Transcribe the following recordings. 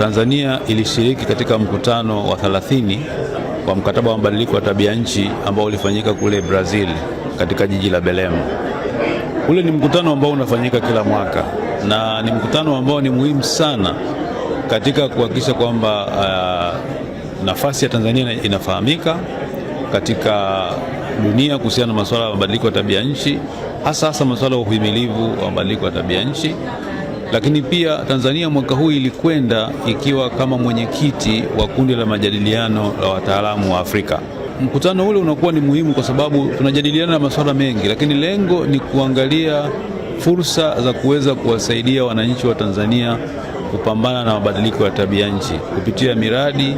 Tanzania ilishiriki katika mkutano wa 30 wa mkataba wa mabadiliko ya tabia nchi ambao ulifanyika kule Brazil katika jiji la Belem. Ule ni mkutano ambao unafanyika kila mwaka na ni mkutano ambao ni muhimu sana katika kuhakikisha kwamba uh, nafasi ya Tanzania inafahamika katika dunia kuhusiana na masuala ya mabadiliko ya tabia nchi, hasa hasa masuala ya uhimilivu wa mabadiliko ya tabia nchi lakini pia Tanzania mwaka huu ilikwenda ikiwa kama mwenyekiti wa kundi la majadiliano la wataalamu wa Afrika. Mkutano ule unakuwa ni muhimu kwa sababu tunajadiliana na masuala mengi, lakini lengo ni kuangalia fursa za kuweza kuwasaidia wananchi wa Tanzania kupambana na mabadiliko ya tabia nchi kupitia miradi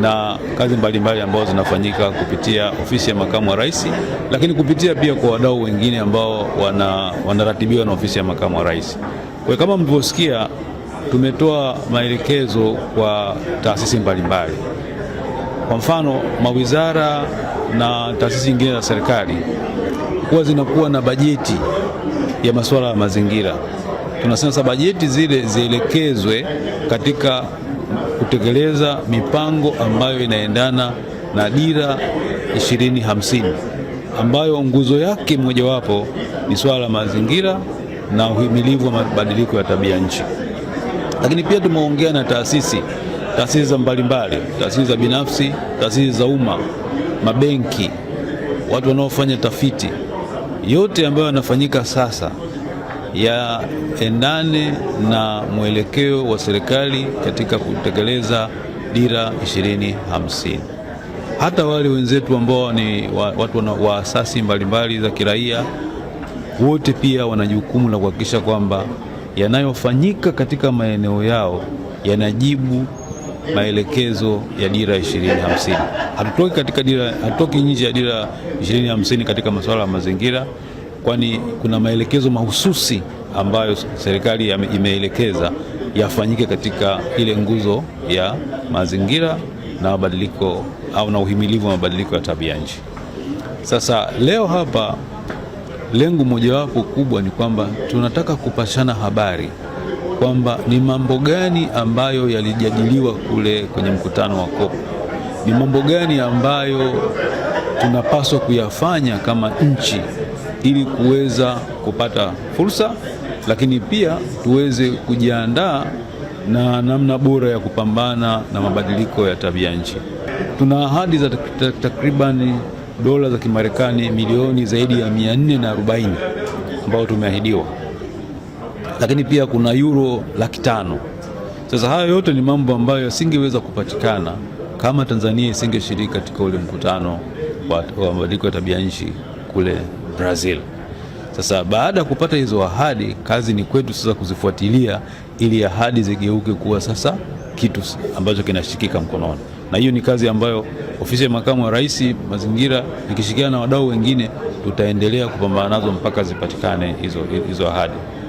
na kazi mbalimbali ambazo zinafanyika kupitia ofisi ya makamu wa rais, lakini kupitia pia kwa wadau wengine ambao wanaratibiwa wana na ofisi ya makamu wa rais. Kwa kama mlivyosikia, tumetoa maelekezo kwa taasisi mbalimbali kwa mfano mawizara na taasisi nyingine za serikali kuwa zinakuwa na bajeti ya masuala ya mazingira. Tunasema sasa bajeti zile zielekezwe katika kutekeleza mipango ambayo inaendana na Dira 2050 ambayo nguzo yake mojawapo ni swala la mazingira na uhimilivu wa mabadiliko ya tabia nchi. Lakini pia tumeongea na taasisi taasisi za mbalimbali, taasisi za binafsi, taasisi za umma, mabenki, watu wanaofanya tafiti. Yote ambayo yanafanyika sasa yaendane na mwelekeo wa serikali katika kutekeleza Dira 2050. Hata wale wenzetu ambao ni watu wa asasi mbalimbali za kiraia wote pia wana jukumu la kuhakikisha kwamba yanayofanyika katika maeneo yao yanajibu maelekezo ya Dira 2050. Hatutoki katika dira, hatutoki nje ya Dira 2050 katika masuala ya mazingira, kwani kuna maelekezo mahususi ambayo serikali imeelekeza yafanyike katika ile nguzo ya mazingira na mabadiliko au na uhimilivu wa mabadiliko ya tabia nchi. Sasa leo hapa lengo mojawapo kubwa ni kwamba tunataka kupashana habari kwamba ni mambo gani ambayo yalijadiliwa kule kwenye mkutano wa COP, ni mambo gani ambayo tunapaswa kuyafanya kama nchi ili kuweza kupata fursa, lakini pia tuweze kujiandaa na namna bora ya kupambana na mabadiliko ya tabia nchi. Tuna ahadi za takribani dola za Kimarekani milioni zaidi ya 440 ambayo tumeahidiwa, lakini pia kuna euro laki tano. Sasa hayo yote ni mambo ambayo yasingeweza kupatikana kama Tanzania isingeshiriki katika ule mkutano wa mabadiliko ya tabia nchi kule Brazil. Sasa baada ya kupata hizo ahadi, kazi ni kwetu sasa kuzifuatilia ili ahadi zigeuke kuwa sasa kitu ambacho kinashikika mkononi na hiyo ni kazi ambayo ofisi ya makamu wa rais mazingira ikishirikiana na wadau wengine tutaendelea kupambana nazo mpaka zipatikane hizo, hizo ahadi.